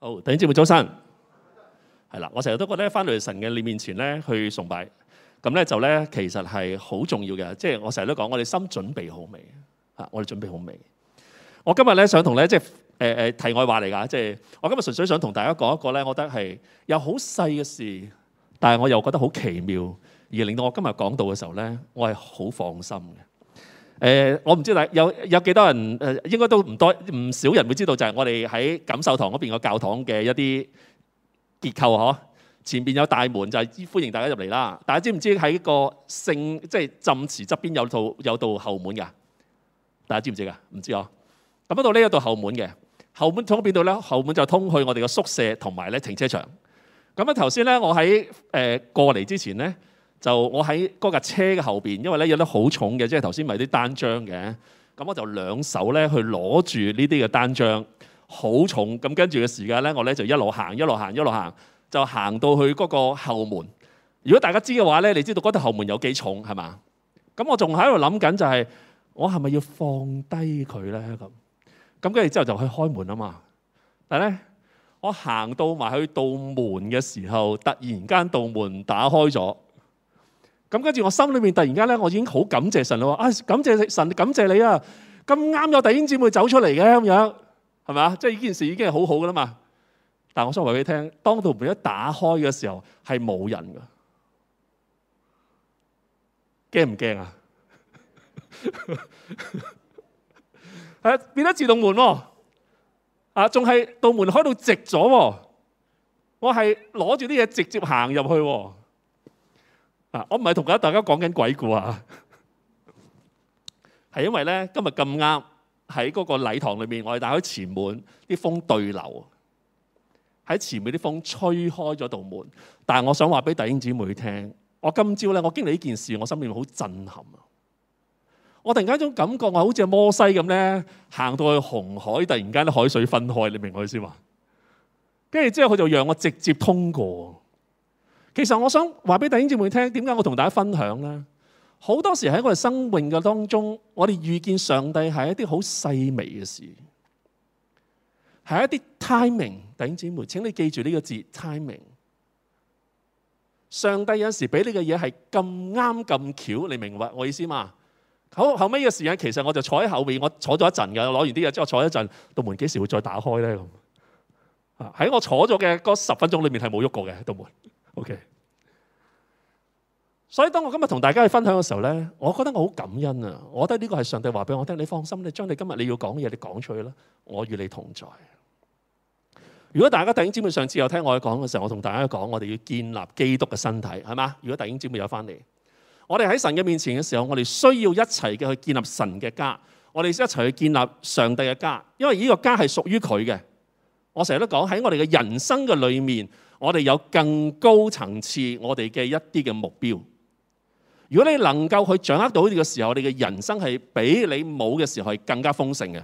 好，弟兄姊妹早晨係啦。我成日都覺得翻到神嘅你面前咧去崇拜咁咧，就咧其實係好重要嘅。即係我成日都講，我哋心準備好未啊？我哋準備好未？我今日咧想同咧即係誒誒題外話嚟㗎，即係我今日純粹想同大家講一個咧，我覺得係有好細嘅事，但係我又覺得好奇妙，而令到我今日講道嘅時候咧，我係好放心嘅。誒，我唔知大有有幾多人，誒、呃，應該都唔多唔少人會知道，就係我哋喺錦秀堂嗰邊個教堂嘅一啲結構嗬、啊，前邊有大門，就係、是、歡迎大家入嚟啦。大家知唔知喺個聖即係浸池側邊有套有道後門㗎？大家知唔知㗎？唔知哦。咁樣到呢一道後門嘅後門通邊度咧？後門就通去我哋嘅宿舍同埋咧停車場。咁樣頭先咧，我喺誒過嚟之前咧。就我喺嗰架車嘅後面，因為咧有啲好重嘅，即係頭先咪啲單張嘅，咁我就兩手咧去攞住呢啲嘅單張，好重咁，跟住嘅時間咧，我咧就一路行一路行一路行，就行到去嗰個後門。如果大家知嘅話咧，你知道嗰度後門有幾重係嘛？咁我仲喺度諗緊就係我係咪要放低佢咧？咁咁跟住之後就去開門啊嘛。但係咧，我行到埋去道門嘅時候，突然間道門打開咗。咁跟住我心裏面突然間咧，我已經好感謝神啦、啊！啊，感謝神，神感謝你啊，咁啱有弟兄姊妹走出嚟嘅咁樣，係咪啊？即係呢件事已經係好好㗎啦嘛。但係我想話俾你聽，當道門一打開嘅時候係冇人㗎。驚唔驚啊？誒， 變咗自動門喎，啊，仲係道門開到直咗喎、啊，我係攞住啲嘢直接行入去喎、啊。啊！我唔係同大家講緊鬼故啊，係因為呢，今日咁啱喺嗰個禮堂裏面，我哋打開前門啲風對流，喺前面啲風吹開咗道門，但係我想話俾弟兄姊妹聽，我今朝呢，我經歷呢件事，我心裏好震撼啊！我突然間一種感覺，我好似摩西咁呢，行到去紅海，突然間啲海水分開，你明我意思嘛？跟住之後佢就讓我直接通過。其實我想話俾弟兄姊妹聽，點解我同大家分享咧？好多時喺我哋生命嘅當中，我哋遇見上帝係一啲好細微嘅事，係一啲 timing。弟兄姊妹，請你記住呢個字 timing。上帝有時俾你嘅嘢係咁啱咁巧，你明白我意思嘛？好後尾嘅時間，其實我就坐喺後邊，我坐咗一陣嘅，攞完啲嘢之後坐一陣。道門幾時會再打開咧？咁喺我坐咗嘅嗰十分鐘裏面係冇喐過嘅道門。OK。所以當我今日同大家去分享嘅時候呢，我覺得我好感恩啊！我覺得呢個係上帝話俾我聽，你放心，你將你今日你要講嘅嘢，你講出去啦，我與你同在。如果大家弟兄姊妹上次有聽我講嘅時候，我同大家講，我哋要建立基督嘅身體，係嘛？如果弟兄姊妹有翻嚟，我哋喺神嘅面前嘅時候，我哋需要一齊嘅去建立神嘅家，我哋一齊去建立上帝嘅家，因為呢個家係屬於佢嘅。我成日都講，喺我哋嘅人生嘅裏面，我哋有更高層次我哋嘅一啲嘅目標。如果你能夠去掌握到呢個時候，你嘅人生係比你冇嘅時候係更加豐盛嘅。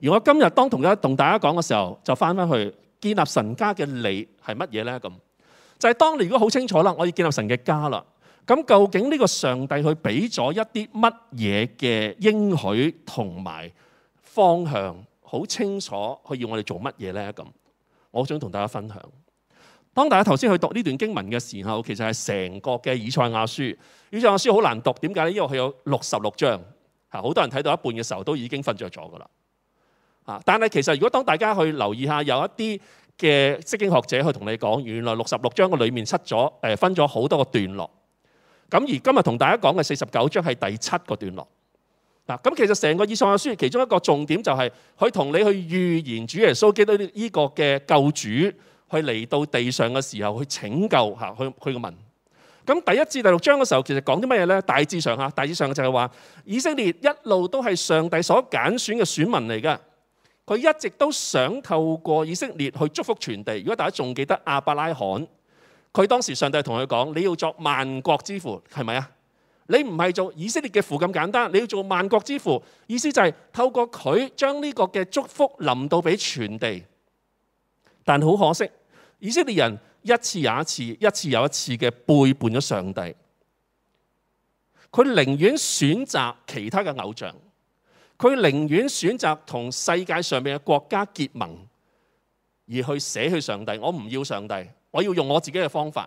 如果今日當同家同大家講嘅時候，就返返去建立神家嘅你係乜嘢呢？咁就係當你如果好清楚啦，我要建立神嘅家啦。咁究竟呢個上帝佢俾咗一啲乜嘢嘅應許同埋方向，好清楚佢要我哋做乜嘢呢？咁我想同大家分享。當大家頭先去讀呢段經文嘅時候，其實係成個嘅以賽亞書。以賽亞書好難讀，點解呢？因為佢有六十六章，係好多人睇到一半嘅時候都已經瞓着咗噶啦。但係其實如果當大家去留意一下，有一啲嘅釋經學者去同你講，原來六十六章嘅裏面出咗誒分咗好多個段落。咁而今日同大家講嘅四十九章係第七個段落。嗱，咁其實成個以賽亞書其中一個重點就係佢同你去預言主耶穌基督呢個嘅救主。佢嚟到地上嘅時候，去拯救吓，去去個民。咁第一至第六章嘅時候，其實講啲乜嘢呢？大致上吓，大致上就係話以色列一路都係上帝所揀選嘅選民嚟㗎。佢一直都想透過以色列去祝福全地。如果大家仲記得亞伯拉罕，佢當時上帝同佢講：你要作萬國之父，係咪啊？你唔係做以色列嘅父咁簡單，你要做萬國之父。意思就係透過佢將呢個嘅祝福臨到俾全地。但好可惜。以色列人一次又一次，一次又一次嘅背叛咗上帝。佢寧願選擇其他嘅偶像，佢寧願選擇同世界上面嘅國家結盟，而去捨去上帝。我唔要上帝，我要用我自己嘅方法。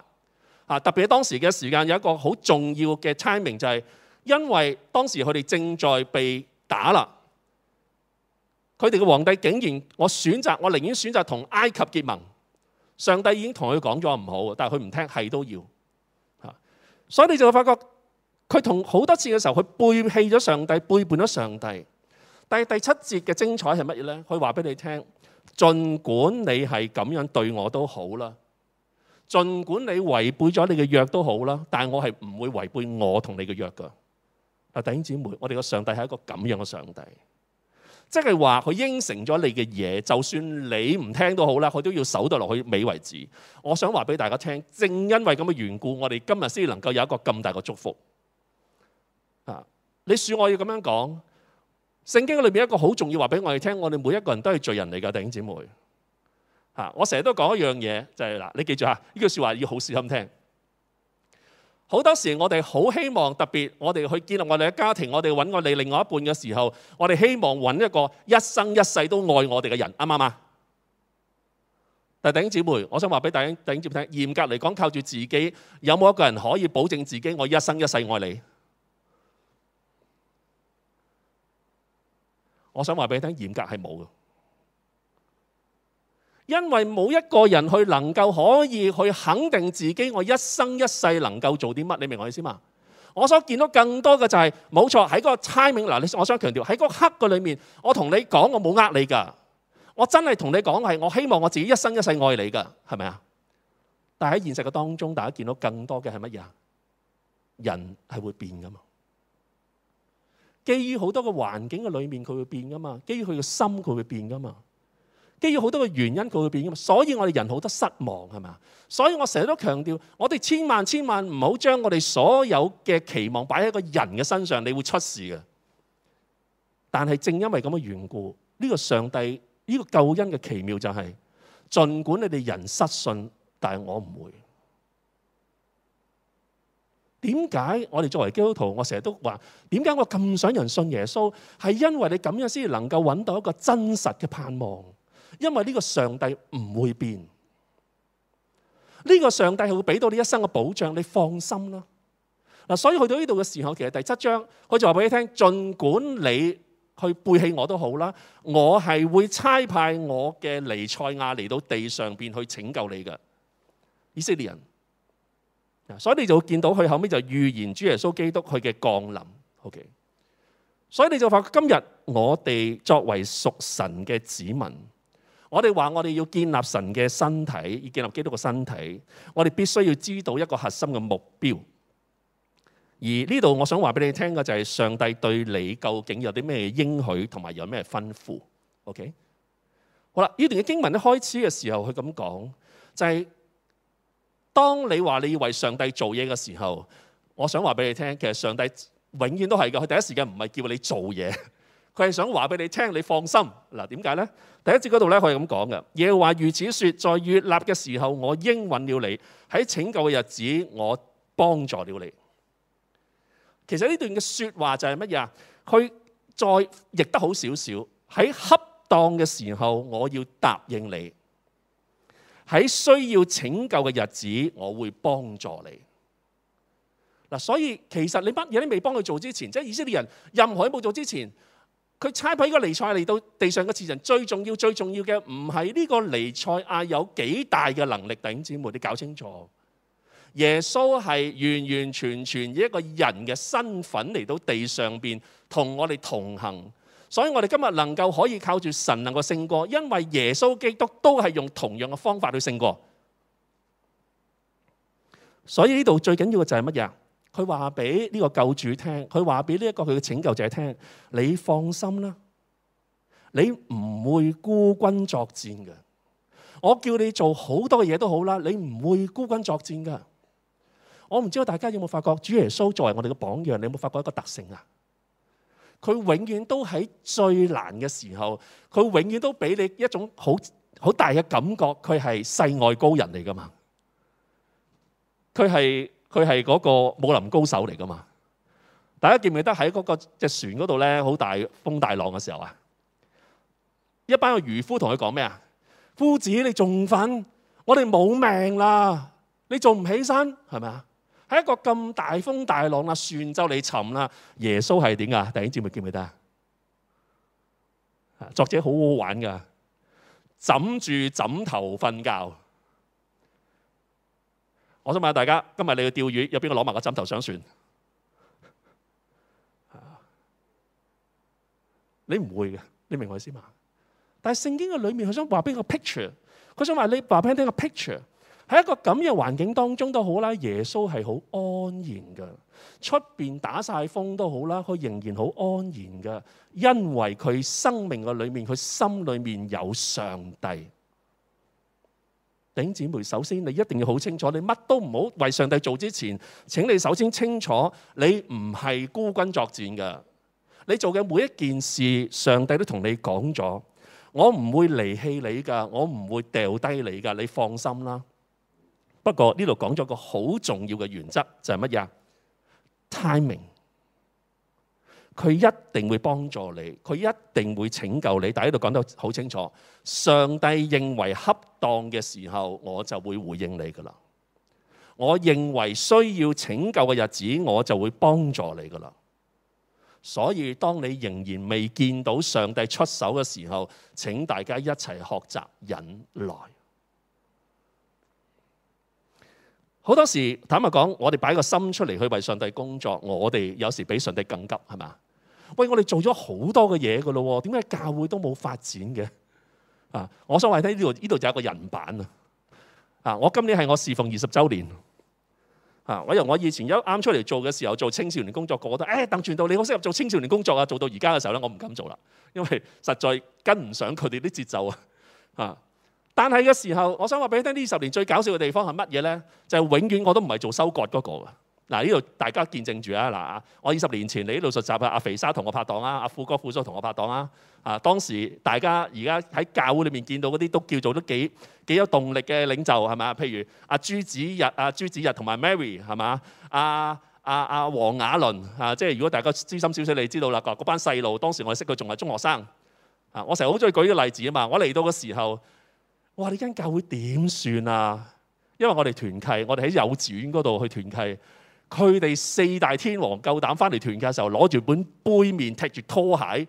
啊，特別當時嘅時間有一個好重要嘅 timing，就係因為當時佢哋正在被打啦，佢哋嘅皇帝，竟然我選擇，我寧願選擇同埃及結盟。上帝已經同佢講咗唔好，但係佢唔聽，係都要。所以你就會發覺佢同好多次嘅時候，佢背棄咗上帝，背叛咗上帝。但係第七節嘅精彩係乜嘢呢？佢話俾你聽：儘管你係咁樣對我都好啦，儘管你違背咗你嘅約都好啦，但係我係唔會違背我同你嘅約㗎。嗱，弟兄姊妹，我哋嘅上帝係一個咁樣嘅上帝。即係話佢應承咗你嘅嘢，就算你唔聽都好啦，佢都要守到落去尾為止。我想話俾大家聽，正因為咁嘅緣故，我哋今日先能夠有一個咁大嘅祝福。你恕我要咁樣講，聖經裏面一個好重要話俾我哋聽，我哋每一個人都係罪人嚟㗎，弟兄姊妹。我成日都講一樣嘢就係、是、嗱，你記住啊，呢句説話要好小心聽。好多時我哋好希望，特別我哋去建立我哋嘅家庭，我哋揾我哋另外一半嘅時候，我哋希望揾一個一生一世都愛我哋嘅人，啱唔啱啊？但係弟兄姊妹，我想話俾弟兄姊妹聽，嚴格嚟講，靠住自己有冇一個人可以保證自己我一生一世愛你？我想話俾你聽，嚴格係冇嘅。因為冇一個人去能夠可以去肯定自己，我一生一世能夠做啲乜？你明我意思嘛？我所見到更多嘅就係冇錯，喺嗰個 timing 嗱，我想強調喺嗰個刻嘅裏面，我同你講，我冇呃你噶，我真係同你講，係我希望我自己一生一世愛你噶，係咪啊？但係喺現實嘅當中，大家見到更多嘅係乜嘢？人係會變噶嘛？基於好多嘅環境嘅裏面，佢會變噶嘛？基於佢嘅心，佢會變噶嘛？基於好多個原因，佢會變㗎嘛，所以我哋人好多失望係嘛？所以我成日都強調，我哋千萬千萬唔好將我哋所有嘅期望擺喺一個人嘅身上，你會出事嘅。但係正因為咁嘅緣故，呢個上帝呢個救恩嘅奇妙就係，儘管你哋人失信，但係我唔會。點解我哋作為基督徒，我成日都話點解我咁想人信耶穌？係因為你咁樣先能夠揾到一個真實嘅盼望。因為呢個上帝唔會變，呢個上帝係會俾到你一生嘅保障，你放心啦嗱。所以去到呢度嘅時候，其實第七章佢就話俾你聽，盡管你去背棄我都好啦，我係會差派我嘅尼賽亞嚟到地上邊去拯救你嘅以色列人。所以你就會見到佢後尾就預言主耶穌基督佢嘅降臨。OK，所以你就發覺今日我哋作為屬神嘅子民。我哋話我哋要建立神嘅身體，要建立基督嘅身體，我哋必須要知道一個核心嘅目標。而呢度我想話俾你聽嘅就係上帝對你究竟有啲咩應許，同埋有咩吩咐。OK，好啦，呢段嘅經文一開始嘅時候，佢咁講就係：當你話你要為上帝做嘢嘅時候，我想話俾你聽，其實上帝永遠都係噶，佢第一時間唔係叫你做嘢。佢係想話俾你聽，你放心嗱，點解呢？第一節嗰度呢，佢係咁講嘅。耶和華如此説：在悅納嘅時候，我應允了你；喺拯救嘅日子，我幫助了你。其實呢段嘅説話就係乜嘢啊？佢再譯得好少少，喺恰當嘅時候，我要答應你；喺需要拯救嘅日子，我會幫助你。嗱，所以其實你乜嘢都未幫佢做之前，即係以色列人任何都冇做之前。佢猜判呢個彌賽亞嚟到地上嘅次神，最重要、最重要嘅唔係呢個彌賽亞有幾大嘅能力，弟兄姊妹，你搞清楚。耶穌係完完全全以一個人嘅身份嚟到地上邊同我哋同行，所以我哋今日能夠可以靠住神能夠勝過，因為耶穌基督都係用同樣嘅方法去勝過。所以呢度最緊要嘅就係乜嘢？佢話俾呢個救主聽，佢話俾呢一個佢嘅拯救者聽，你放心啦，你唔會孤軍作戰嘅。我叫你做好多嘅嘢都好啦，你唔會孤軍作戰噶。我唔知道大家有冇發覺，主耶穌作為我哋嘅榜樣，你有冇發覺一個特性啊？佢永遠都喺最難嘅時候，佢永遠都俾你一種好好大嘅感覺，佢係世外高人嚟噶嘛。佢係。佢係嗰個武林高手嚟噶嘛？大家記唔記得喺嗰個隻船嗰度咧，好大風大浪嘅時候啊？一班個漁夫同佢講咩啊？夫子，你仲瞓？我哋冇命啦！你做唔起身係咪啊？喺一個咁大風大浪啊，船就嚟沉啦！耶穌係點噶？弟兄姊妹，記唔記得啊？作者好好玩噶，枕住枕頭瞓覺。我想問下大家，今日你去釣魚，有邊個攞埋個枕頭上船？你唔會嘅，你明白意思嘛？但係聖經嘅裏面，佢想話邊個 picture？佢想話你話邊啲個 picture？喺一個咁嘅環境當中都好啦，耶穌係好安然嘅。出邊打晒風都好啦，佢仍然好安然嘅，因為佢生命嘅裏面，佢心裏面有上帝。兄姊妹，首先你一定要好清楚，你乜都唔好為上帝做之前，請你首先清楚，你唔係孤軍作戰嘅。你做嘅每一件事，上帝都同你講咗，我唔會離棄你噶，我唔會掉低你噶，你放心啦。不過呢度講咗個好重要嘅原則就係乜嘢？timing。佢一定會幫助你，佢一定會拯救你。但喺度講得好清楚，上帝認為恰當嘅時候，我就會回應你㗎喇。我認為需要拯救嘅日子，我就會幫助你㗎喇。所以當你仍然未見到上帝出手嘅時候，請大家一齊學習忍耐。好多時坦白講，我哋擺個心出嚟去為上帝工作，我哋有時比上帝更急，係嘛？喂，我哋做咗好多嘅嘢噶咯，點解教會都冇發展嘅？啊，我想話你聽，呢度呢度就有個人版。啊！啊，我今年係我侍奉二十週年啊！我由我以前一啱出嚟做嘅時候做青少年工作，個個覺得，誒鄧傳道，等你好適合做青少年工作啊！做到而家嘅時候咧，我唔敢做啦，因為實在跟唔上佢哋啲節奏啊！啊，但係嘅時候，我想話俾你聽，呢十年最搞笑嘅地方係乜嘢咧？就係、是、永遠我都唔係做收割嗰個啊！嗱，呢度大家見證住啊！嗱，我二十年前嚟呢度實習啊，阿肥沙同我拍檔啊，阿富哥富叔同我拍檔啦。啊，當時大家而家喺教會裏面見到嗰啲都叫做都幾幾有動力嘅領袖係咪？譬如阿朱子日、阿朱子日同埋 Mary 係咪？阿阿阿黃雅倫嚇，即係如果大家知心少少，你知道啦，嗰班細路當時我識佢仲係中學生。啊，我成日好中意舉呢個例子啊嘛！我嚟到嘅時候，嘩你呢間教會點算啊？因為我哋團契，我哋喺幼稚園嗰度去團契。佢哋四大天王夠膽翻嚟團嘅時候，攞住本杯麵，踢住拖鞋，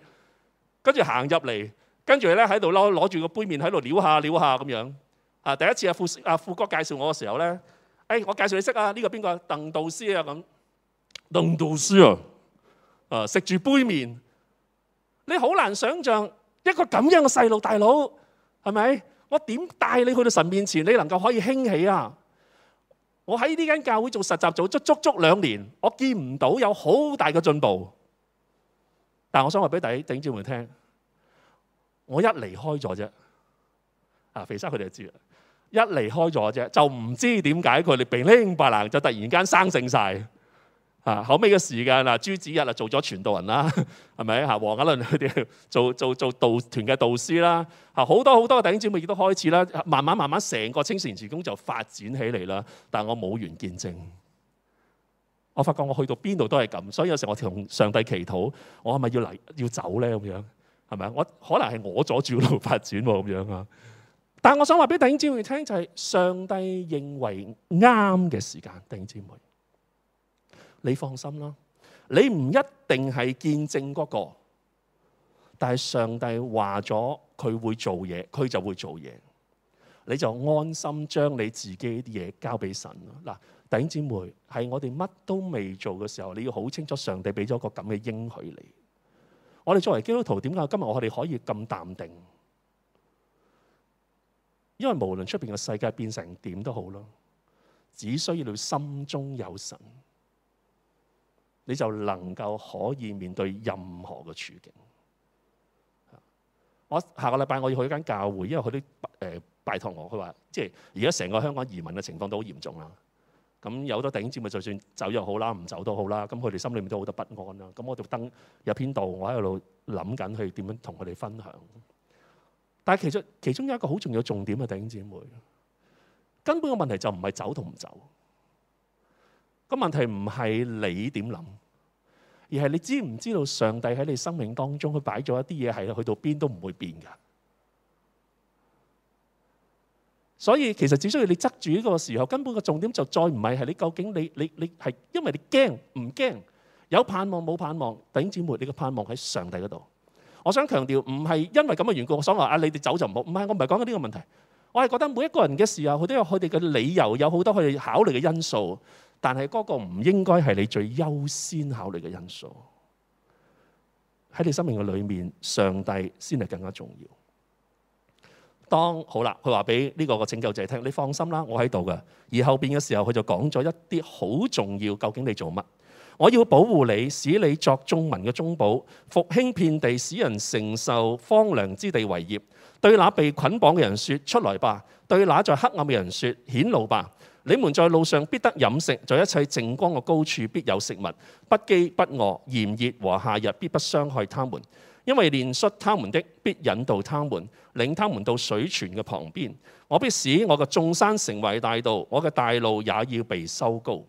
跟住行入嚟，跟住咧喺度攞攞住個杯麵喺度撩下撩下咁樣。啊，第一次阿富阿富哥介紹我嘅時候咧，誒，我介紹你識啊，呢個邊個？鄧導師啊咁。鄧導師啊，啊，食住杯麵，你好難想像一個咁樣嘅細路大佬係咪？我點帶你去到神面前，你能夠可以興起啊？我喺呢間教會做實習組，足足足兩年，我見唔到有好大嘅進步。但我想話俾啲弟兄姊妹聽，我一離開咗啫、啊，肥沙佢哋就知啦，一離開咗啫，就唔知點解佢哋噼哩啪啦，就突然間生性晒啊，後尾嘅時間啦，朱子日啊做咗傳道人啦，係咪啊？黃家倫佢哋做做做，做道團嘅導師啦，好多好多弟兄姊妹亦都開始啦，慢慢慢慢成個青少年事工就發展起嚟啦。但我冇緣見證，我發覺我去到邊度都係咁。所以有時候我同上帝祈禱，我係咪要嚟要走咧？咁樣係咪我可能係我阻住路發展喎，咁樣啊？但我想話俾弟兄姊妹聽就係、是，上帝認為啱嘅時間，弟兄姊妹。你放心啦，你唔一定係見證嗰個，但係上帝話咗佢會做嘢，佢就會做嘢。你就安心將你自己啲嘢交俾神咯。嗱，弟兄姊妹係我哋乜都未做嘅時候，你要好清楚，上帝俾咗個咁嘅應許你。我哋作為基督徒，點解今日我哋可以咁淡定？因為無論出邊嘅世界變成點都好啦，只需要你心中有神。你就能夠可以面對任何嘅處境。我下個禮拜我要去一間教會，因為佢都拜託我，佢話即係而家成個香港移民嘅情況都好嚴重啦。咁有好多弟兄姊妹就算走又好啦，唔走都好啦。咁佢哋心裏面都好多不安啦。咁我就登入邊度，我喺度諗緊去點樣同佢哋分享。但係其實其中有一個好重要的重點嘅弟兄姊妹，根本嘅問題就唔係走同唔走。個問題唔係你點諗，而係你知唔知道上帝喺你生命當中佢擺咗一啲嘢，係去到邊都唔會變噶。所以其實只需要你執住呢個時候，根本個重點就再唔係係你究竟你你你係，因為你驚唔驚，有盼望冇盼望，弟兄姊妹，你嘅盼望喺上帝嗰度。我想強調唔係因為咁嘅緣故，所以我想話啊，你哋走就唔好。唔係，我唔係講緊呢個問題，我係覺得每一個人嘅時候，佢都有佢哋嘅理由，有好多佢哋考慮嘅因素。但係嗰個唔應該係你最優先考慮嘅因素，喺你生命嘅裏面，上帝先係更加重要當。當好啦，佢話俾呢個拯救者聽，你放心啦，我喺度噶。而後邊嘅時候，佢就講咗一啲好重要。究竟你做乜？我要保護你，使你作眾民嘅中保，復興遍地，使人承受荒涼之地為業。對那被捆綁嘅人說：出來吧！對那在黑暗嘅人說：顯露吧！你們在路上必得飲食，在一切淨光嘅高處必有食物，不飢不餓。炎熱和夏日必不傷害他們，因為憐恤他們的必引導他們，領他們到水泉嘅旁邊。我必使我嘅眾山成為大道，我嘅大路也要被修高。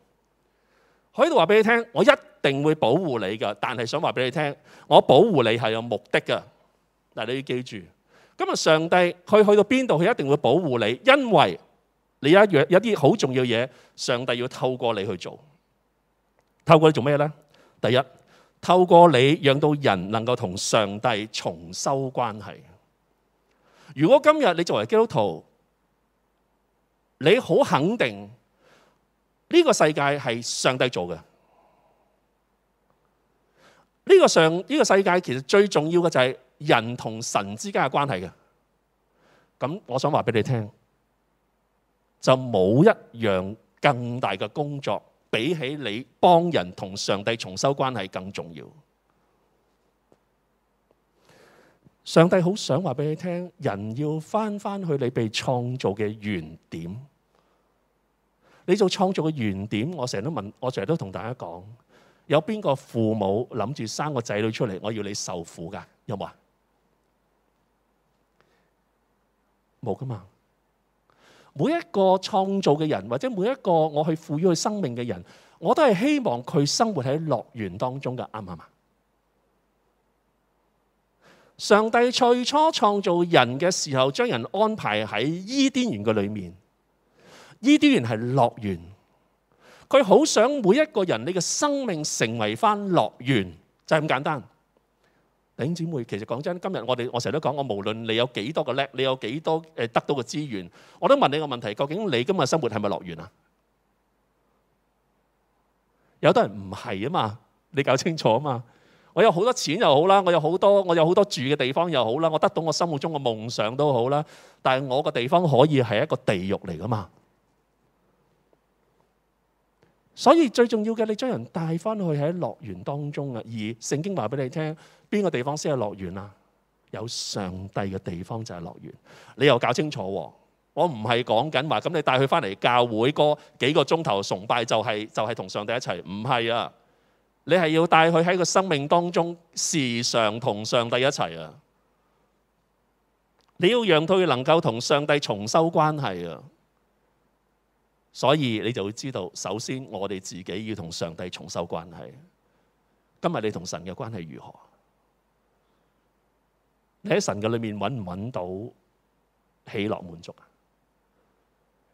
我喺度話俾你聽，我一定會保護你噶，但係想話俾你聽，我保護你係有目的噶。但你要記住，今日上帝佢去到邊度，佢一定會保護你，因為。你一樣有啲好重要嘢，上帝要透過你去做。透過你做咩呢？第一，透過你讓到人能夠同上帝重修關係。如果今日你作為基督徒，你好肯定呢個世界係上帝做嘅。呢個上呢個世界其實最重要嘅就係人同神之間嘅關係嘅。咁我想話俾你聽。就冇一樣更大嘅工作，比起你幫人同上帝重修關係更重要。上帝好想話俾你聽，人要返返去你被創造嘅原點。你做創造嘅原點，我成日都問，我成日都同大家講，有邊個父母諗住生個仔女出嚟，我要你受苦噶，有冇啊？冇噶嘛？每一個創造嘅人，或者每一個我去賦予佢生命嘅人，我都係希望佢生活喺樂園當中嘅，啱唔啱啊？上帝最初創造人嘅時候，將人安排喺伊甸園嘅裏面，伊甸園係樂園，佢好想每一個人，你嘅生命成為翻樂園，就係咁簡單。弟兄姊妹，其實講真，今日我哋我成日都講，我無論你有幾多個叻，你有幾多誒得到嘅資源，我都問你個問題：究竟你今日生活係咪樂園啊？有啲人唔係啊嘛，你搞清楚啊嘛。我有好多錢又好啦，我有好多我有好多住嘅地方又好啦，我得到我心目中嘅夢想都好啦。但係我個地方可以係一個地獄嚟㗎嘛？所以最重要嘅，你將人帶翻去喺樂園當中啊！而聖經話俾你聽。邊個地方先係樂園啊？有上帝嘅地方就係樂園。你又搞清楚喎，我唔係講緊話咁。你帶佢翻嚟教會個幾個鐘頭崇拜就係就係同上帝一齊，唔係啊！你係要帶佢喺個生命當中時常同上帝一齊啊！你要讓到佢能夠同上帝重修關係啊！所以你就會知道，首先我哋自己要同上帝重修關係。今日你同神嘅關係如何？你喺神嘅裏面揾唔揾到喜樂滿足啊？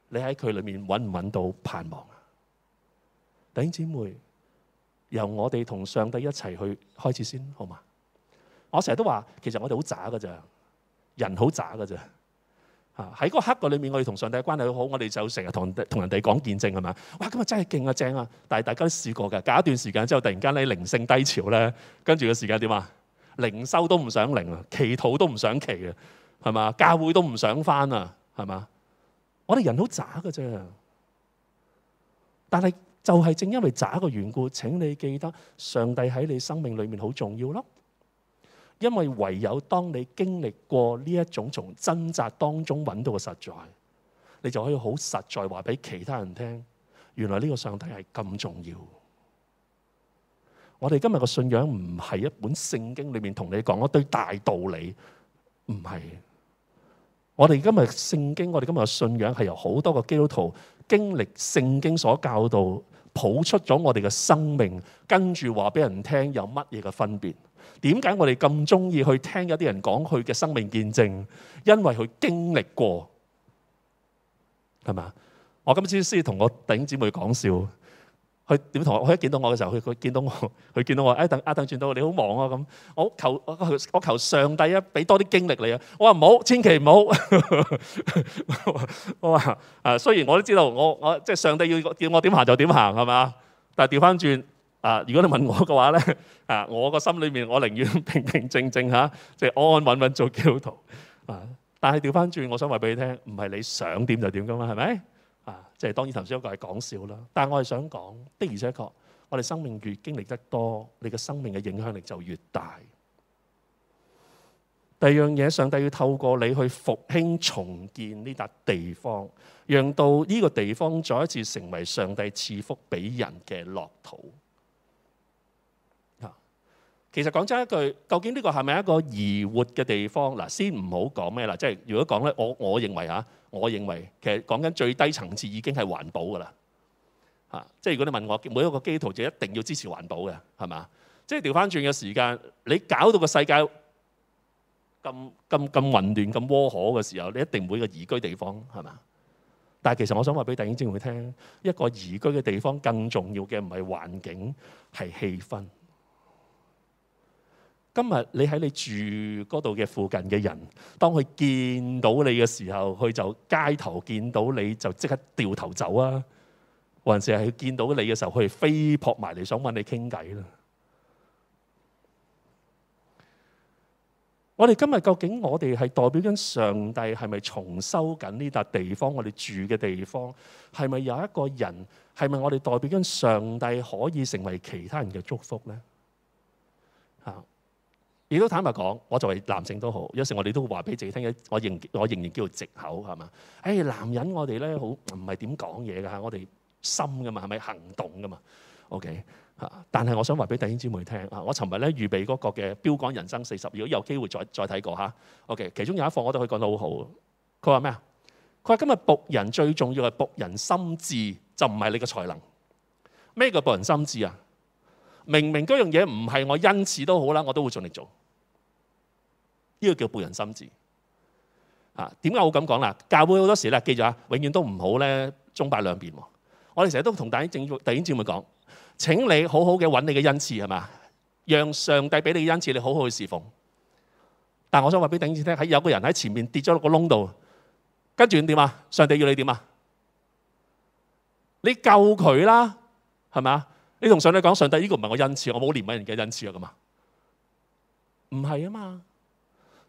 你喺佢裏面揾唔揾到盼望啊？弟兄姊妹，由我哋同上帝一齊去開始先，好嘛？我成日都話，其實我哋好渣嘅咋，人好渣嘅咋嚇，喺嗰個刻嘅裏面，我哋同上帝嘅關係好，好，我哋就成日同同人哋講見證係嘛？哇，今日真係勁啊，正啊！但係大家都試過嘅，隔一段時間之後，突然間咧靈性低潮咧，跟住個時間點啊？靈修都唔想靈啊，祈禱都唔想祈啊，係嘛？教會都唔想返啊，係嘛？我哋人好渣嘅啫，但係就係正因為渣嘅緣故，請你記得上帝喺你生命裏面好重要咯。因為唯有當你經歷過呢一種從掙扎當中揾到嘅實在，你就可以好實在話俾其他人聽，原來呢個上帝係咁重要。我哋今日嘅信仰唔係一本聖經裏面同你講，一堆大道理唔係。我哋今日聖經，我哋今日嘅信仰係由好多個基督徒經歷聖經所教導，抱出咗我哋嘅生命，跟住話俾人聽有乜嘢嘅分別？點解我哋咁中意去聽一啲人講佢嘅生命見證？因為佢經歷過，係嘛？我今次先同我弟兄姊妹講笑。佢點同我？佢一見到我嘅時候，佢佢見到我，佢見，見到我，哎，鄧阿鄧傳道，你好忙啊咁。我求我求上帝啊，俾多啲經歷你啊。我話唔好，千祈唔好。 我話啊，雖然我都知道，我我即係上帝要叫我點行就點行係嘛？但係調翻轉啊，如果你問我嘅話咧啊，我個心裏面我寧願平平靜靜嚇，即係安安穩穩做教徒啊。但係調翻轉，我想話俾你聽，唔係你想點就點㗎嘛，係咪？啊！即係當然頭先嗰個係講笑啦，但係我係想講的，而且確，我哋生命越經歷得多，你嘅生命嘅影響力就越大。第二樣嘢，上帝要透過你去復興重建呢笪地方，讓到呢個地方再一次成為上帝賜福俾人嘅樂土。其實講真一句，究竟呢個係咪一個宜活嘅地方？嗱，先唔好講咩啦。即係如果講咧，我我認為嚇，我認為，我認為其實講緊最低層次已經係環保㗎喇。即係如果你問我每一個基督徒就一定要支持環保嘅，係嘛？即係調返轉嘅時間，你搞到個世界咁咁咁混亂，咁窩可嘅時候，你一定每個宜居地方係嘛？但係其實我想話俾弟兄姊妹會聽，一個宜居嘅地方更重要嘅唔係環境，係氣氛。今日你喺你住嗰度嘅附近嘅人，當佢見到你嘅時候，佢就街頭見到你就即刻掉頭走啊，還是係見到你嘅時候佢飛撲埋嚟想揾你傾偈啦？我哋今日究竟我哋係代表緊上帝係咪重修緊呢笪地方？我哋住嘅地方係咪有一個人係咪我哋代表緊上帝可以成為其他人嘅祝福咧？吓！亦都坦白講，我作為男性都好，有時我哋都會話俾自己聽，我仍我仍然叫做藉口係嘛？誒、哎，男人我哋咧好唔係點講嘢㗎嚇，我哋心㗎嘛係咪行動㗎嘛？OK 嚇，但係我想話俾弟兄姊妹聽啊，我尋日咧預備嗰、那個嘅《標杆人生四十》，如果有機會再再睇過嚇，OK。其中有一課我都可以講得好好，佢話咩啊？佢話今日僕人最重要係僕人心智，就唔係你嘅才能。咩叫僕人心智啊？明明嗰樣嘢唔係我恩賜都好啦，我都會盡力做。呢個叫僕人心志啊！點解我咁講啦？教會好多時咧，記住啊，永遠都唔好咧，中拜兩邊。我哋成日都同弟兄姊妹講：請你好好嘅揾你嘅恩賜，係嘛？讓上帝俾你嘅恩賜，你好好去侍奉。但係我想話俾弟兄姊妹聽，喺有個人喺前面跌咗落個窿度，跟住點啊？上帝要你點啊？你救佢啦，係咪？你同上帝講，上帝呢個唔係我的恩賜，我冇憐憫人嘅恩賜啊，咁唔係啊嘛，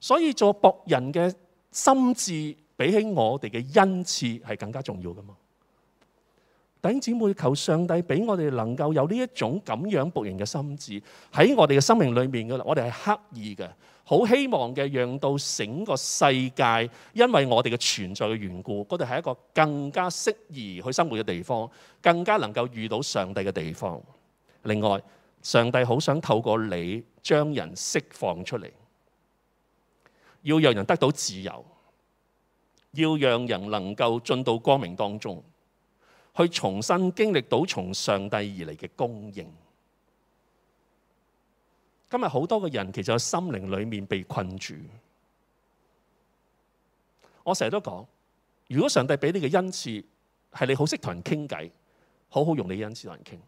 所以做僕人嘅心智，比起我哋嘅恩賜係更加重要噶嘛。弟兄姊妹，求上帝俾我哋能夠有呢一種咁樣僕人嘅心智喺我哋嘅生命裏面噶我哋係刻意嘅，好希望嘅，讓到整個世界因為我哋嘅存在嘅緣故，嗰度係一個更加適宜去生活嘅地方，更加能夠遇到上帝嘅地方。另外，上帝好想透過你將人釋放出嚟，要讓人得到自由，要讓人能夠進到光明當中。去重新經歷到從上帝而嚟嘅供應。今日好多個人其實喺心靈裏面被困住。我成日都講，如果上帝俾你嘅恩賜係你好識同人傾偈，好好用你嘅恩賜同人傾。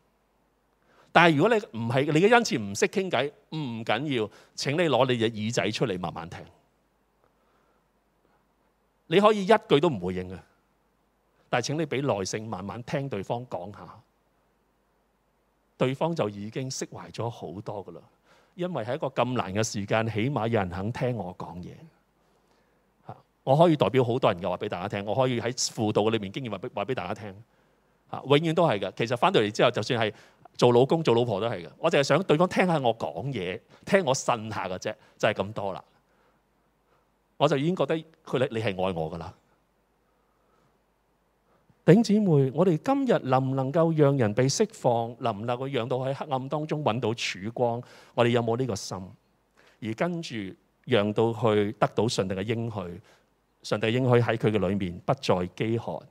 但係如果你唔係，你嘅恩賜唔識傾偈，唔緊要。請你攞你隻耳仔出嚟慢慢聽。你可以一句都唔回應嘅。但係請你俾耐性，慢慢聽對方講下，對方就已經釋懷咗好多噶啦。因為喺一個咁難嘅時間，起碼有人肯聽我講嘢。我可以代表好多人嘅話俾大家聽，我可以喺輔導裏面經驗話俾話俾大家聽。永遠都係嘅。其實翻到嚟之後，就算係做老公、做老婆都係嘅。我就係想對方聽下我講嘢，聽我呻下嘅啫，就係咁多啦。我就已經覺得佢你你係愛我噶啦。弟姊妹，我哋今日能唔能夠讓人被釋放，能唔能夠讓到喺黑暗當中揾到曙光？我哋有冇呢個心，而跟住讓到佢得到上帝嘅應許，上帝應許喺佢嘅裏面不再飢渴，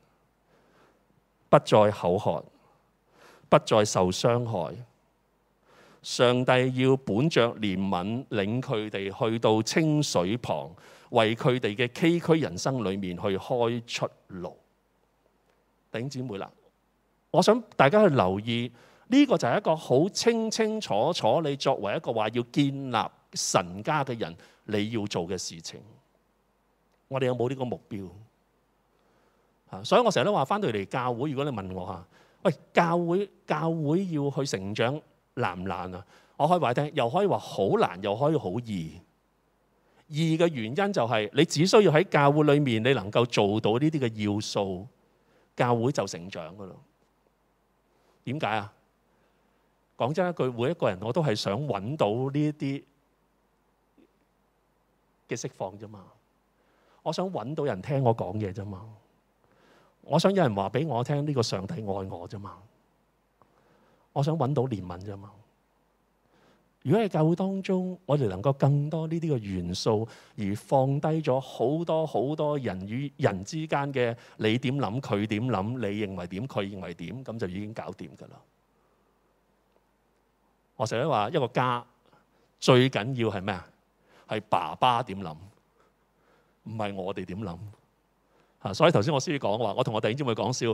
不再口渴，不再受傷害。上帝要本着憐憫，領佢哋去到清水旁，為佢哋嘅崎嶇人生裏面去開出路。頂姊妹啦，我想大家去留意呢、這個就係一個好清清楚楚，你作為一個話要建立神家嘅人，你要做嘅事情。我哋有冇呢個目標？所以我成日都話翻到嚟教會，如果你問我吓，喂，教會教會要去成長難唔難啊？我可以話你聽，又可以話好難，又可以好易。易嘅原因就係、是、你只需要喺教會裏面，你能夠做到呢啲嘅要素。教會就成長噶咯，點解啊？講真一句，每一個人我都係想揾到呢啲嘅釋放啫嘛，我想揾到人聽我講嘢啫嘛，我想有人話俾我聽呢個上帝愛我啫嘛，我想揾到憐憫啫嘛。如果喺教會當中，我哋能夠更多呢啲嘅元素，而放低咗好多好多人與人之間嘅你點諗，佢點諗，你認為點，佢認為點，咁就已經搞掂噶啦。我成日都話一個家最緊要係咩啊？係爸爸點諗，唔係我哋點諗。啊，所以頭先我先至講話，我同我弟兄姊妹講笑，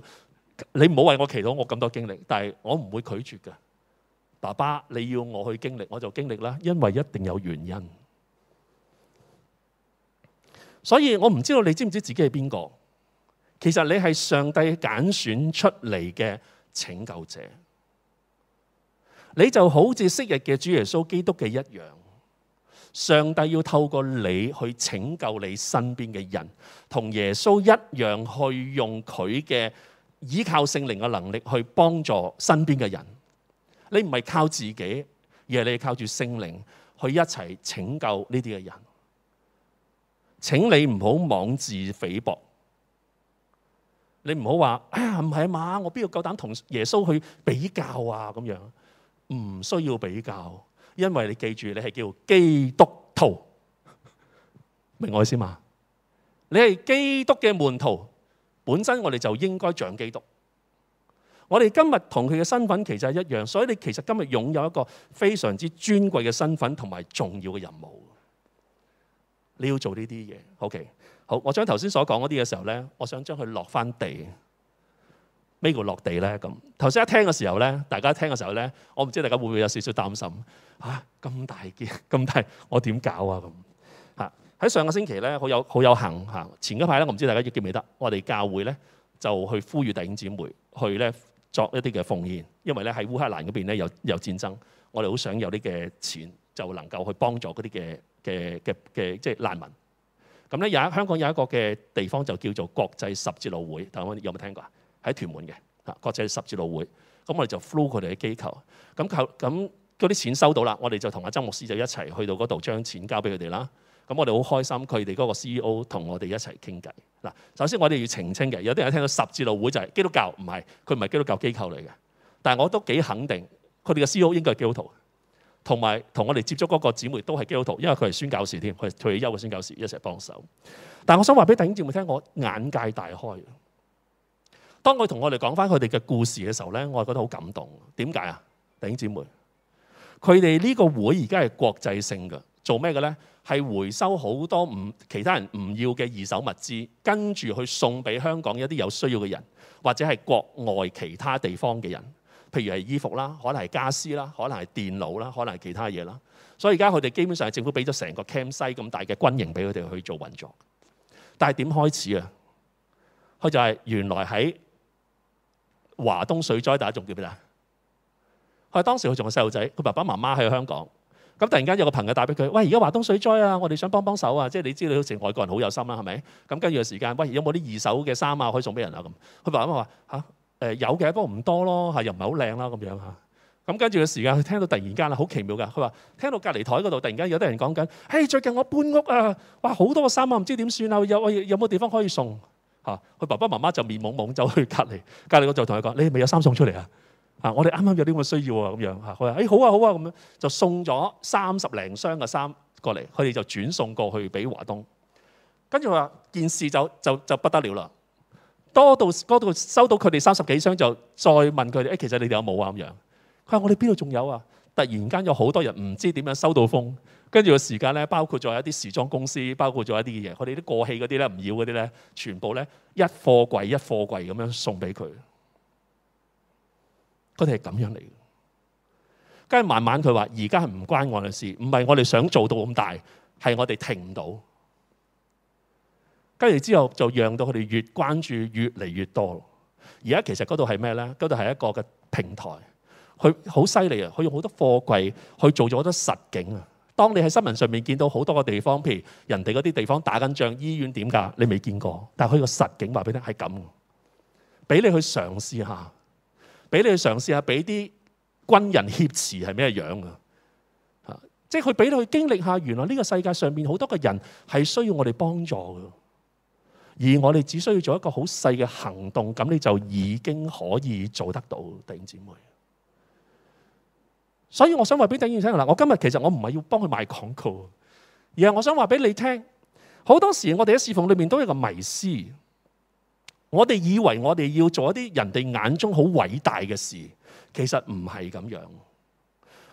你唔好為我祈禱，我咁多經歷，但係我唔會拒絕嘅。爸爸，你要我去經歷，我就經歷啦，因為一定有原因。所以我唔知道你知唔知自己係邊個，其實你係上帝揀選出嚟嘅拯救者，你就好似昔日嘅主耶穌基督嘅一樣。上帝要透過你去拯救你身邊嘅人，同耶穌一樣去用佢嘅依靠聖靈嘅能力去幫助身邊嘅人。你唔係靠自己，而係你係靠住聖靈去一齊拯救呢啲嘅人。請你唔好妄自菲薄，你唔好話啊唔係嘛，我邊度夠膽同耶穌去比較啊咁樣？唔需要比較，因為你記住你係叫基督徒，明我意思嘛？你係基督嘅門徒，本身我哋就應該像基督。我哋今日同佢嘅身份其實係一樣，所以你其實今日擁有一個非常之尊貴嘅身份同埋重要嘅任務。你要做呢啲嘢，OK？好，我將頭先所講嗰啲嘅時候呢，我想將佢落翻地，咩叫落地呢？咁頭先一聽嘅時候呢，大家一聽嘅時候呢，我唔知大家會唔會有少少擔心嚇咁，啊，大件，咁大，我點搞啊？咁嚇喺上個星期呢，好有好有幸嚇。前一排呢，我唔知大家記唔記得，我哋教會呢，就去呼籲弟兄姊妹去呢，作一啲嘅奉獻，因為咧喺烏克蘭嗰邊咧有有戰爭，我哋好想有啲嘅錢，就能夠去幫助嗰啲嘅嘅嘅嘅即係難民。咁咧有香港有一個嘅地方就叫做國際十字路會，大家有冇聽過啊？喺屯門嘅嚇國際十字路會，咁我哋就 flow 佢哋嘅機構，咁求咁嗰啲錢收到啦，我哋就同阿曾牧師就一齊去到嗰度將錢交俾佢哋啦。咁我哋好開心，佢哋嗰個 CEO 同我哋一齊傾偈。嗱，首先我哋要澄清嘅，有啲人聽到十字路會就係基督教，唔係，佢唔係基督教機構嚟嘅。但係我都幾肯定，佢哋嘅 CEO 應該係基督徒，同埋同我哋接觸嗰個姊妹都係基督徒，因為佢係宣教士添，佢係退咗休嘅宣教士，一齊幫手。但係我想話俾弟兄姊妹聽，我眼界大開。當佢同我哋講翻佢哋嘅故事嘅時候咧，我係覺得好感動。點解啊，弟兄姊妹？佢哋呢個會而家係國際性㗎。做咩嘅咧？係回收好多唔其他人唔要嘅二手物資，跟住去送俾香港一啲有需要嘅人，或者係國外其他地方嘅人。譬如係衣服啦，可能係家私啦，可能係電腦啦，可能係其他嘢啦。所以而家佢哋基本上係政府俾咗成個 camp 西咁大嘅軍營俾佢哋去做運作。但係點開始啊？佢就係原來喺華東水災一中叫咩啊？佢當時佢仲係細路仔，佢爸爸媽媽喺香港。咁突然間有個朋友打俾佢，喂，而家華東水災啊，我哋想幫幫手啊，即係你知道你好似外國人好有心啦，係咪？咁跟住個時間，喂，而家有冇啲二手嘅衫啊，可以送俾人啊？咁佢爸爸話吓，誒、啊、有嘅，不過唔多咯，係又唔係好靚啦咁樣嚇。咁跟住個時間，佢聽到突然間啊，好奇妙㗎。佢話聽到隔離台嗰度，突然間有啲人講緊，誒最近我搬屋啊，哇好多個衫啊，唔知點算啊，有有冇地方可以送嚇？佢、啊、爸爸媽媽就面懵懵走去隔離，隔離我就同佢講，你係咪有衫送出嚟啊！啊！我哋啱啱有啲咁嘅需要啊，咁樣吓，佢話：誒、哎、好啊，好啊，咁樣就送咗三十零箱嘅衫過嚟，佢哋就轉送過去俾華東。跟住話件事就就就不得了啦，多到多到收到佢哋三十幾箱就再問佢哋：誒、哎、其實你哋有冇啊？咁樣佢話：我哋邊度仲有啊？突然間有好多人唔知點樣收到風，跟住個時間咧，包括咗一啲時裝公司，包括咗一啲嘢，佢哋啲過氣嗰啲咧，唔要嗰啲咧，全部咧一貨櫃一貨櫃咁樣送俾佢。我哋係咁樣嚟嘅，跟住慢慢佢話：而家係唔關我嘅事，唔係我哋想做到咁大，係我哋停唔到。跟住之後就讓到佢哋越關注越嚟越多。而家其實嗰度係咩呢？嗰度係一個嘅平台，佢好犀利啊！佢用好多貨櫃去做咗好多實景啊。當你喺新聞上面見到好多個地方，譬如人哋嗰啲地方打緊仗，醫院點噶？你未見過，但係佢個實景話俾你聽係咁，俾你去嘗試下。俾你去嘗試下，俾啲軍人挾持係咩樣啊？即係佢俾你去經歷下，原來呢個世界上面好多嘅人係需要我哋幫助嘅，而我哋只需要做一個好細嘅行動，咁你就已經可以做得到，弟兄姊妹。所以我想話俾弟兄姊妹啦，我今日其實我唔係要幫佢賣廣告，而係我想話俾你聽，好多時我哋喺侍奉裏面都有個迷思。我哋以為我哋要做一啲人哋眼中好偉大嘅事，其實唔係咁樣。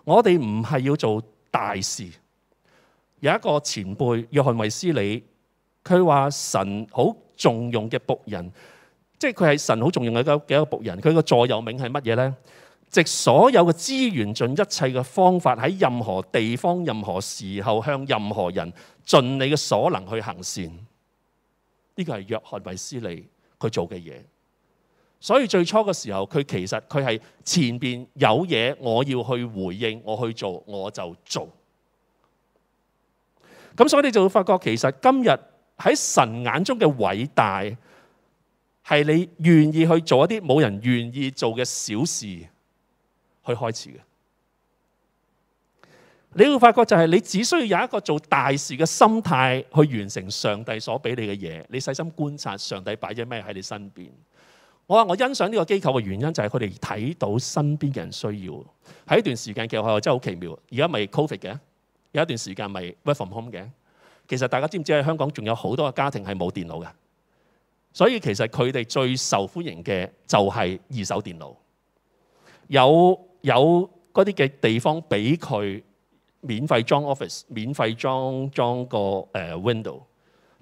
我哋唔係要做大事。有一個前輩約翰維斯利，佢話神好重用嘅僕人，即係佢係神好重用嘅一個僕人。佢個座右銘係乜嘢呢？藉所有嘅資源，盡一切嘅方法，喺任何地方、任何時候，向任何人盡你嘅所能去行善。呢、這個係約翰維斯利。佢做嘅嘢，所以最初嘅時候，佢其實佢係前邊有嘢，我要去回應，我去做我就做。咁所以你就會發覺，其實今日喺神眼中嘅偉大，係你願意去做一啲冇人願意做嘅小事去開始嘅。你會發覺就係你只需要有一個做大事嘅心態去完成上帝所俾你嘅嘢。你細心觀察上帝擺咗咩喺你身邊。我話我欣賞呢個機構嘅原因就係佢哋睇到身邊嘅人需要。喺一段時間嘅話，其實真係好奇妙。而家咪 Covid 嘅，有一段時間咪 work from home 嘅。其實大家知唔知喺香港仲有好多嘅家庭係冇電腦嘅？所以其實佢哋最受歡迎嘅就係二手電腦有。有有嗰啲嘅地方俾佢。免費裝 office，免費裝裝個誒、呃、window。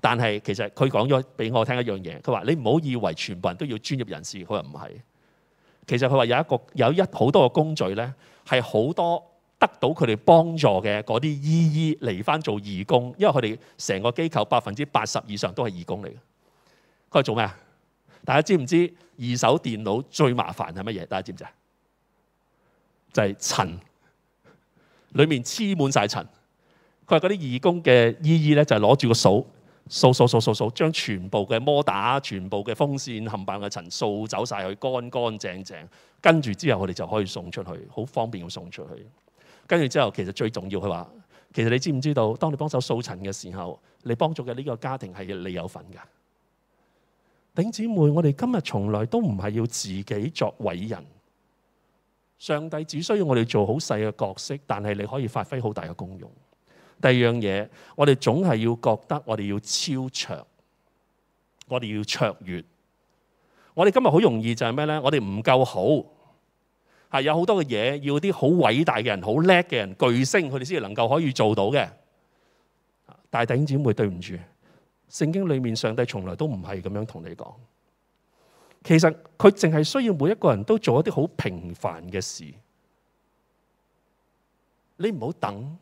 但係其實佢講咗俾我聽一樣嘢，佢話：你唔好以為全部人都要專業人士。佢話唔係，其實佢話有一個有一好多個工序呢，係好多得到佢哋幫助嘅嗰啲姨姨嚟返做義工，因為佢哋成個機構百分之八十以上都係義工嚟嘅。佢話做咩啊？大家知唔知道二手電腦最麻煩係乜嘢？大家知唔知啊？就係塵。裏面黐滿晒塵，佢話嗰啲義工嘅姨姨呢，就係攞住個掃掃掃掃掃掃，將全部嘅摩打、全部嘅風扇冚唪唥嘅塵掃走晒去，乾乾淨淨。跟住之後，我哋就可以送出去，好方便要送出去。跟住之後，其實最重要是，佢話其實你知唔知道，當你幫手掃塵嘅時候，你幫助嘅呢個家庭係你有份㗎。頂姊妹，我哋今日從來都唔係要自己作偉人。上帝只需要我哋做好細嘅角色，但係你可以發揮好大嘅功用。第二樣嘢，我哋總係要覺得我哋要超卓，我哋要卓越。我哋今日好容易就係咩呢？我哋唔夠好，係有好多嘅嘢要啲好偉大嘅人、好叻嘅人、巨星，佢哋先至能夠可以做到嘅。但弟兄姐妹對唔住，聖經裏面上帝從來都唔係咁樣同你講。其實佢淨係需要每一個人都做一啲好平凡嘅事。你唔好等，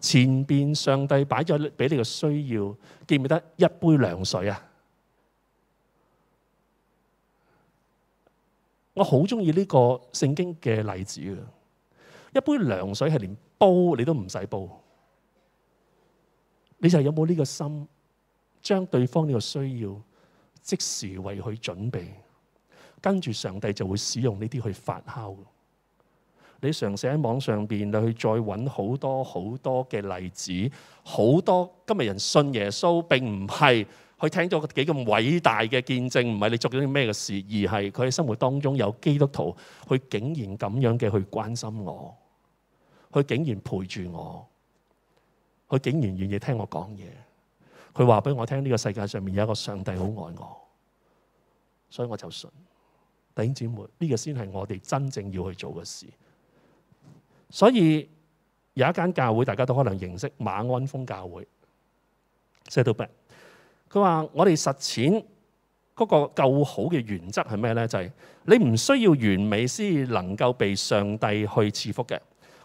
前面上帝擺咗俾你個需要，記唔記得一杯涼水啊？我好中意呢個聖經嘅例子啊！一杯涼水係連煲你都唔使煲，你就有冇呢個心，將對方呢個需要？即時為佢準備，跟住上帝就會使用呢啲去發酵。你嘗試喺網上邊你去再揾好多好多嘅例子，好多今日人信耶穌並唔係去聽咗幾咁偉大嘅見證，唔係你做咗啲咩嘅事，而係佢喺生活當中有基督徒，佢竟然咁樣嘅去關心我，佢竟然陪住我，佢竟然願意聽我講嘢。佢話俾我聽，呢、這個世界上面有一個上帝好愛我，所以我就信。弟兄姊妹，呢、這個先係我哋真正要去做嘅事。所以有一間教會，大家都可能認識馬安峰教會。Say to b 佢話我哋實踐嗰個夠好嘅原則係咩呢？就係、是、你唔需要完美先能夠被上帝去賜福嘅。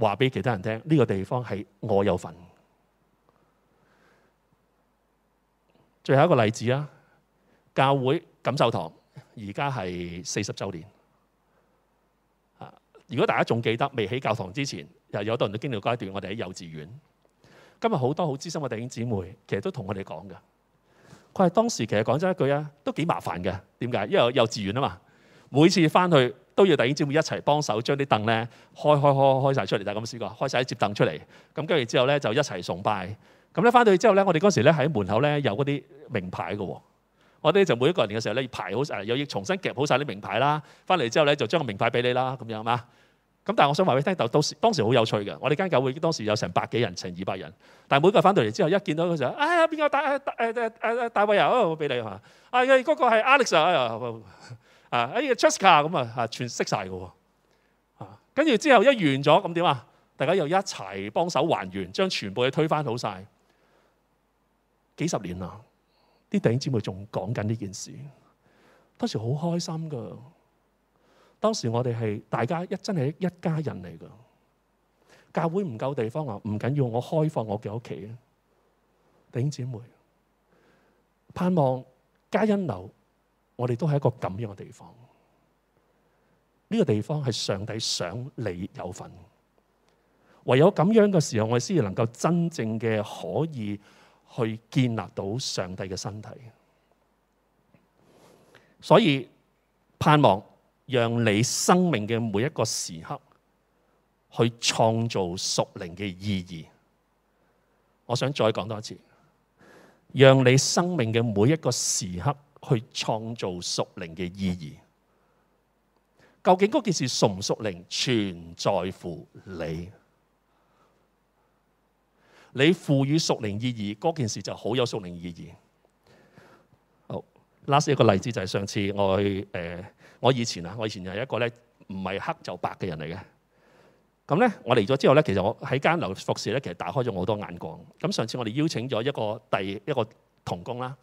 話俾其他人聽，呢、這個地方係我有份。最後一個例子啊，教會錦秀堂而家係四十週年。如果大家仲記得未起教堂之前，又有啲人經歷過一段我哋喺幼稚園。今日好多好資深嘅弟兄姊妹，其實都同我哋講㗎。佢係當時其實講咗一句啊，都幾麻煩嘅。點解？因為幼稚園啊嘛，每次翻去。都要弟兄姊妹一齊幫手將啲凳咧開開開開晒出嚟，就係咁試過開晒啲摺凳出嚟。咁跟住之後咧就一齊崇拜。咁咧翻到去之後咧，我哋嗰時咧喺門口咧有嗰啲名牌嘅喎。我哋就每一個人嘅時候咧要排好誒，又要重新夾好晒啲名牌啦。翻嚟之後咧就將個名牌俾你啦，咁樣係嘛？咁但係我想話俾你聽，到時當時好有趣嘅。我哋間教會當時有成百幾人，成二百人。但係每個翻到嚟之後一見到嗰陣，哎呀邊個，大，誒誒誒誒，大衛啊，我俾你嚇。啊，嗰、啊啊啊哎哎嗰個係 Alex 啊。哎啊、哎！哎呀，Jessica 咁啊，全識晒㗎喎，啊！跟住之後一完咗咁點啊？大家又一齊幫手還原，將全部嘢推翻好晒。幾十年啦，啲弟兄姊妹仲講緊呢件事。當時好開心噶，當時我哋係大家一真係一家人嚟噶。教會唔夠地方啊，唔緊要，我開放我嘅屋企啊，弟兄姊妹。盼望加恩樓。我哋都係一個咁樣嘅地方，呢個地方係上帝想你有份。唯有咁樣嘅時候，我哋先能夠真正嘅可以去建立到上帝嘅身體。所以盼望讓你生命嘅每一個時刻去創造屬靈嘅意義。我想再講多一次，讓你生命嘅每一個時刻。去創造屬靈嘅意義。究竟嗰件事屬唔屬靈，全在乎你。你賦予屬靈意義，嗰件事就好有屬靈意義好。好，last 一個例子就係上次我我以前啊，我以前就係一個咧唔係黑就白嘅人嚟嘅。咁咧，我嚟咗之後咧，其實我喺間樓服侍咧，其實打開咗我好多眼光。咁上次我哋邀請咗一個第一個童工啦。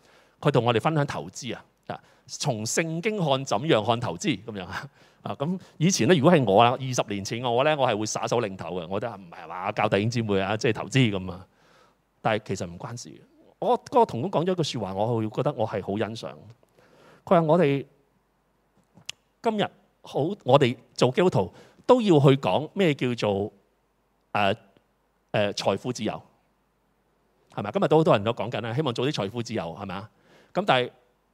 佢同我哋分享投資啊！啊，從聖經看怎樣看投資咁樣啊？啊，咁以前咧，如果係我啊，二十年前嘅我咧，我係會耍手擰頭嘅。我哋唔係話教弟兄姊妹啊，即係投資咁啊。但係其實唔關事。我嗰個同工講咗一句説話，我會覺得我係好欣賞。佢話：我哋今日好，我哋做基督徒都要去講咩叫做誒誒財富自由係咪？今日都好多人都講緊啊，希望做啲財富自由係咪啊？是咁但係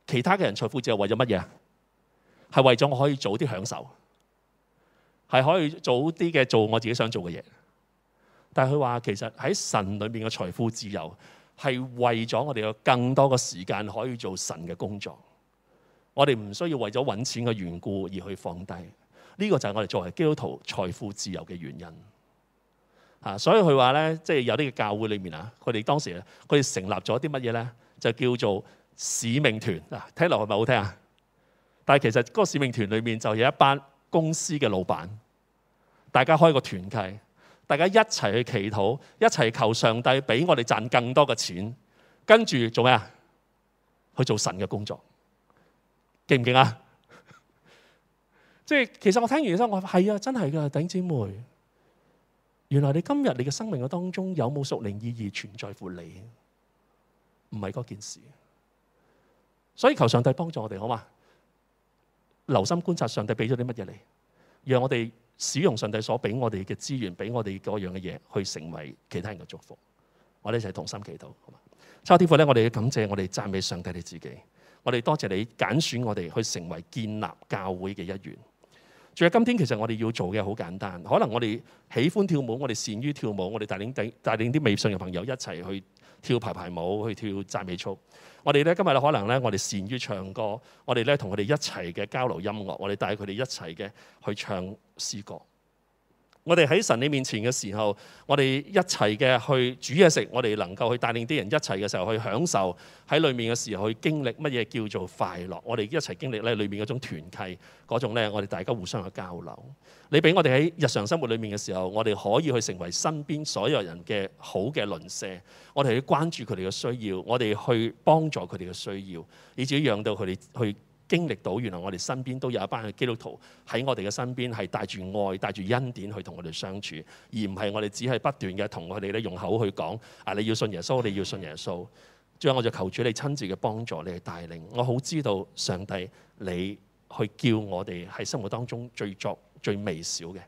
其他嘅人財富自由為咗乜嘢？係為咗我可以早啲享受，係可以早啲嘅做我自己想做嘅嘢。但係佢話其實喺神裏面嘅財富自由係為咗我哋有更多嘅時間可以做神嘅工作。我哋唔需要為咗揾錢嘅緣故而去放低，呢個就係我哋作為基督徒財富自由嘅原因。啊，所以佢話咧，即係有啲嘅教會裏面啊，佢哋當時咧，佢哋成立咗啲乜嘢咧，就叫做使命團啊，睇落去咪好聽啊！但係其實嗰個使命團裏面就有一班公司嘅老闆，大家開個團契，大家一齊去祈禱，一齊求上帝俾我哋賺更多嘅錢，跟住做咩啊？去做神嘅工作，勁唔勁啊？即係其實我聽完之後，我話係啊，真係㗎，頂姊妹。原來你今日你嘅生命嘅當中，有冇屬靈意義存在乎你？唔係嗰件事。所以求上帝幫助我哋，好嗎？留心觀察上帝俾咗啲乜嘢嚟，讓我哋使用上帝所俾我哋嘅資源，俾我哋各樣嘅嘢，去成為其他人嘅祝福。我哋一齊同心祈禱，好嘛？抽天父咧，我哋要感謝我哋讚美上帝你自己，我哋多謝你揀選我哋去成為建立教會嘅一員。仲有今天，其實我哋要做嘅好簡單，可能我哋喜歡跳舞，我哋善於跳舞，我哋帶領帶領帶領啲未信嘅朋友一齊去。跳排排舞，去跳讚美操。我哋咧今日咧，可能咧，我哋善於唱歌，我哋咧同佢哋一齊嘅交流音樂，我哋帶佢哋一齊嘅去唱詩歌。我哋喺神你面前嘅時候，我哋一齊嘅去煮嘢食，我哋能夠去帶領啲人一齊嘅時候去享受喺裏面嘅時候去經歷乜嘢叫做快樂，我哋一齊經歷咧裏面嗰種團契嗰種咧，我哋大家互相去交流。你俾我哋喺日常生活裏面嘅時候，我哋可以去成為身邊所有人嘅好嘅鄰舍。我哋去關注佢哋嘅需要，我哋去幫助佢哋嘅需要，以致於讓到佢哋去。經歷到原來我哋身邊都有一班基督徒喺我哋嘅身邊，係帶住愛、帶住恩典去同我哋相處，而唔係我哋只係不斷嘅同佢哋咧用口去講啊！你要信耶穌，你要信耶穌。最後，我就求主你親自嘅幫助，你去帶領。我好知道上帝，你去叫我哋喺生活當中最作最微小嘅，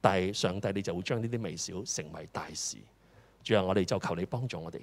但係上帝你就會將呢啲微小成為大事。最後，我哋就求你幫助我哋。